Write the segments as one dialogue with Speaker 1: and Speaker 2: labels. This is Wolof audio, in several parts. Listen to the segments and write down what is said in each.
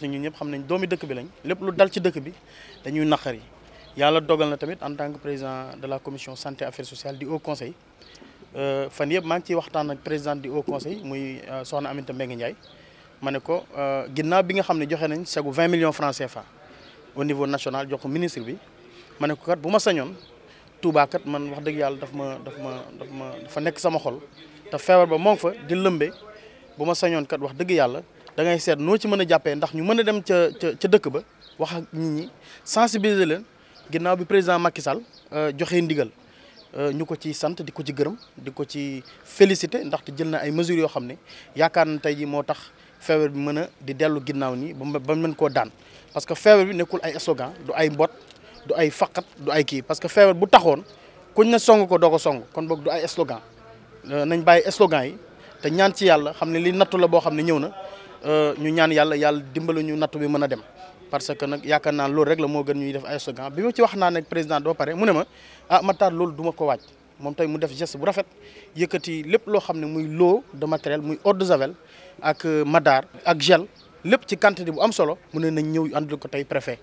Speaker 1: ndax ñun ñëpp xam nañ doomi dëkk bi lañ lépp lu dal ci dëkk bi dañuy naqari yàlla dogal na tamit en tant que président de la commission santé affaires sociales du haut conseil euh, fan yëpp maa ngi ciy waxtaan ak président du haut conseil muy euh, soxna Aminata Mbengue Ndiaye ma ne ko euh, ginnaaw bi nga xam ne joxe nañ segu 20 millions francs CFA au niveau national jox ko ministre bi ma ne ko kat bu ma sañoon Touba kat man wax dëgg yàlla daf ma daf ma daf ma dafa nekk sama xol te feebar ba moo ngi fa di lëmbe bu ma sañoon kat wax dëgg yàlla. da ngay seet noo ci mën a jàppee ndax ñu mën a dem ca ca ca dëkk ba wax ak nit ñi sensibiliser leen ginnaaw bi président Macky Sall euh, joxee ndigal euh, ñu ko ci sant di ko ci gërëm di ko ci féliciter ndax jël na ay mesures yoo xam yaakaar na tey ji moo tax feebar bi mën di dellu ginnaaw ni ba mën koo daan parce que feebar bi nekkul ay slogan du ay mbot du ay faqat du ay kii parce que feebar bu taxoon kuñ ne song ko doo ko kon boog du ay slogan euh, nañ bay slogan yi te ñaan ci yàlla xam ne li natt la boo xam ñëw na Euh, ñu ñaan yàlla yàlla dimbali ñu natt bi mën a dem parce que nag yaakaar naa loolu rek la moo gën ñuy def ay slogan bi ma ci wax naa ne président doo pare mu ne ma ah Matar loolu duma ko waaj moom tey mu def geste bu rafet yëkkati lépp loo xam ne muy loo de matériel muy eau de javel ak euh, madaar ak gel lépp ci quantité bu am solo mu ne nañ ñëw àndul ko tey préfet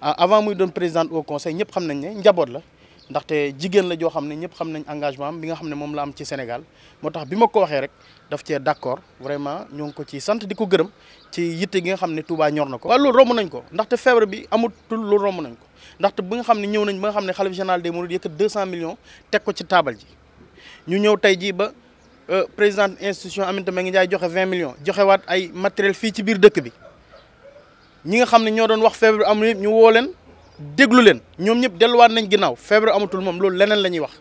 Speaker 1: ah, avant muy doon président au conseil ñëpp xam nañ ne njaboot la ndaxte jigen la jo xam ñepp xam nañ engagement bi nga xam mom la am ci Sénégal motax bima ko waxé rek daf ci d'accord vraiment ñoo ngi ko ci sante diko gëreum ci yitté gi nga xam Touba ñor na ko. waaw loolu nañ ko ndaxte feebar bi amatul lu romu nañ ko ndaxte bu nga xam ñew nañ ba nga xam ne général des mourides yëk 200 millions teg ko ci table ji ñu ñew tay ji ba euh, présidente institution Aminata Mbengue Ndiaye joxe 20 millions joxe wat ay matériel fi ci biir dëkk bi ñi nga xam ñoo doon wax feebar bi ñu wo len déglu leen ñoom ñëpp delluwaat nañ ginnaaw feebar amatul moom loolu leneen la ñuy wax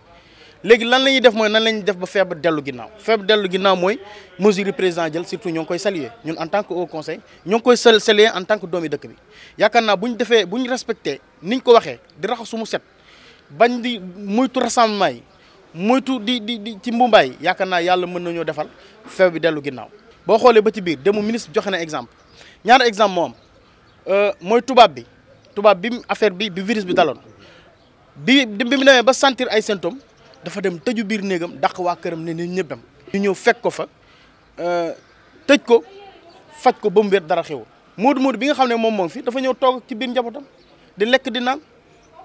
Speaker 1: léegi lan la ñuy def mooy nan la ñuy def ba feebar dellu ginnaaw feebar dellu ginnaaw mooy mesure yi président jël surtout ñoo ngi koy saluer ñun en tant que haut conseil ñoo ngi koy saluer en tant que doomi dëkk bi bu ñu defee bu ñu respecté ko waxee di raxasu mu set bañ di moytu rassemblement yi moytu di di di ci mbumbaay yaakaar naa yàlla mën nañoo defal feebar bi dellu ginnaaw boo xoolee ci biir demu ministre joxe na exemple ñaari exemple moo am euh, mooy tubaab bi tubaab bi affaire bi bi virus bi daloon bi bi mu demee ba sentir ay symptômes dafa dem tëju biir néegam daq waa këram ne ni ñëpp ñu ñëw fekk ko fa euh, tëj ko faj ko ba mu wér dara xew Modou Modou bi nga xam ne moom moo ngi fi dafa ñëw toog ci biir njabootam di lekk di naan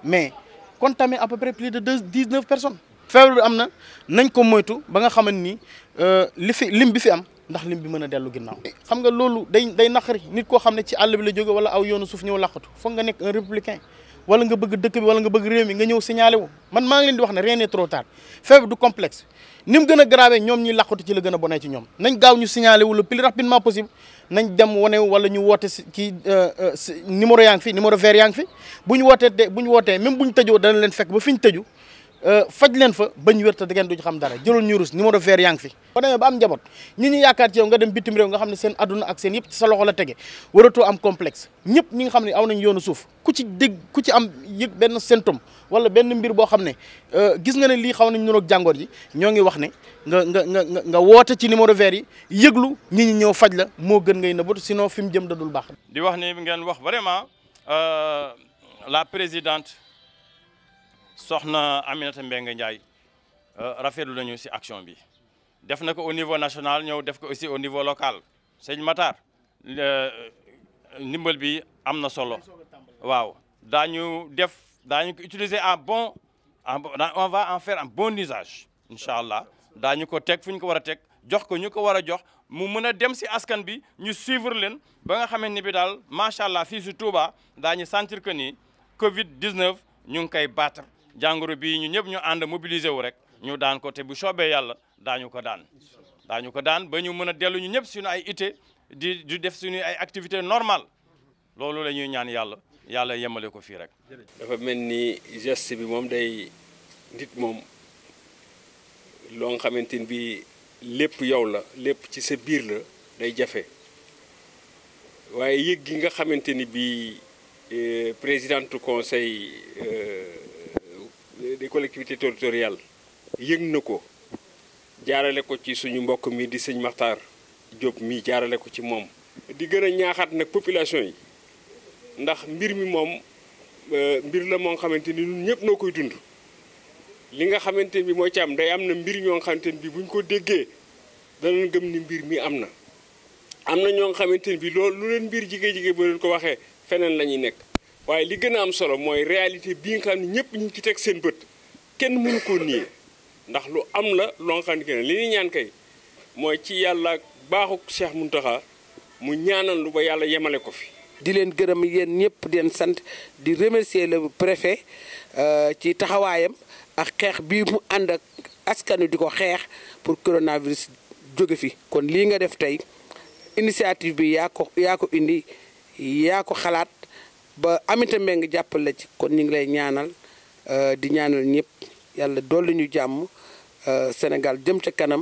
Speaker 1: mais contaminé à peu près plus de deux dix neuf personnes. feebar bi am na nañ ko moytu ba nga xam ni euh, li fi lim bi fi am. ndax lim bi mën a dellu ginnaaw xam nga loolu day day naqari nit koo xam ne ci àll bi la jóge wala aw yoonu suuf ñëw laqatu foog nga nekk un républicain wala nga bëgg dëkk bi wala nga bëgg réew mi nga ñëw signalé wu man maa ngi leen di wax ne rien n'est trop tard feebar du complexe ni gën a grave ñoom ñuy laqatu ci la gën a bone ci ñoom nañ gaaw ñu signalé wu le plus rapidement possible nañ dem wane wala ñu woote si kii euh, euh, numéro yaa ngi fi numéro vert yaa ngi fi bu ñu wootee de bu ñu wootee même bu ñu tëjoo dana leen fekk ba fi ñu tëju Euh, faj leen fa bañ wér te da ngeen duñ xam dara jëlul ñu rus numéro vert yaa ngi fi boo demee ba am njaboot ñi ñu yaakaar ci yow nga dem bitim réew nga xam ne seen adduna ak seen yëpp ci sa loxo la tege waratoo am complexe ñëpp ñi nga xam ne aw nañ yoonu suuf ku ci dégg ku ci am yëg benn symptôme wala benn mbir boo xam ne euh, gis nga ne lii xaw nañ nuroog jàngoor yi ñoo ngi wax ne nga nga nga nga woote ci numéro vert yi yëglu ñi ñi ñëw faj la moo gën ngay nëbbatu sinon fi mu jëm da dul baax
Speaker 2: di wax ni ngeen wax vraiment euh, la présidente soxna Aminata Mbengue euh rafetlu nañu ci action bi def nako au niveau national ñeu def ko aussi au niveau local seigne Matar euh, ndimbal bi amna solo waaw dañu def dañu ko utiliser en bon on va en faire un bon usage inshallah dañu ko tek fuñ ko wara tek jox ko ñu ko war jox mu mën dem ci askan bi ñu suivre len ba nga xamé ni bi dal machallah fi fii Touba dañu sentir que ni Covid 19 ñu ngi koy battre. jàngoro bii ñu ñëpp ñu ànd mobiliser wu rek ñu daan ko te bu soobee yàlla daañu ko daan daañu ko daan ba ñu mën a dellu ñu ñëpp suñu ay ité di di def suñu ay activité normal loolu lañuy ñaan yàlla yàlla yemale ko fii rek.
Speaker 3: dafa mel ni geste bi moom day nit moom loo nga xamante ni bii lépp yow la lépp ci sa biir la day jafe waaye yëg nga xamante ni bii eh, présidente conseil. Euh, des collectivités territoriales yëg na ko jaarale ko ci suñu mbokk mi di sëñ maxtar Diop mi jaarale ko ci moom. di gën a ñaaxaat nag population yi ndax mbir mi moom euh, mbir la moo xamante ni ñun ñëpp noo koy dund li nga xamante bi mooy ci am day am na mbir ñoo xamante ni bi buñ ko déggee danañ gëm ni mbir mi am na am na ñoo xamante ni bi loolu lu leen mbir jigéen jigéen boo leen ko waxee feneen la ñuy nekk. waaye li gën a am solo mooy réalité bi nga xam ne ñëpp ñu ngi ci teg seen bët kenn mënu koo nii ndax lu am la loo xam ne li ñuy ñaan kay mooy ci yàlla baaxuk cheikh muntaxa mu ñaanal lu ba yàlla yemale ko fi di leen gërëm yéen ñëpp di leen sant di remercier le préfet euh, ci taxawaayam ak xeex bi mu ànd ak askanu di ko xeex pour coronavirus jóge fi kon lii nga def tey initiative bi yaa ko yaa ko indi yaa ko ba amita ngi jàppale ci kon ñu ngi lay ñaanal euh, di ñaanal ñëpp yàlla dolli ñu jàmm euh, Sénégal jëm ca kanam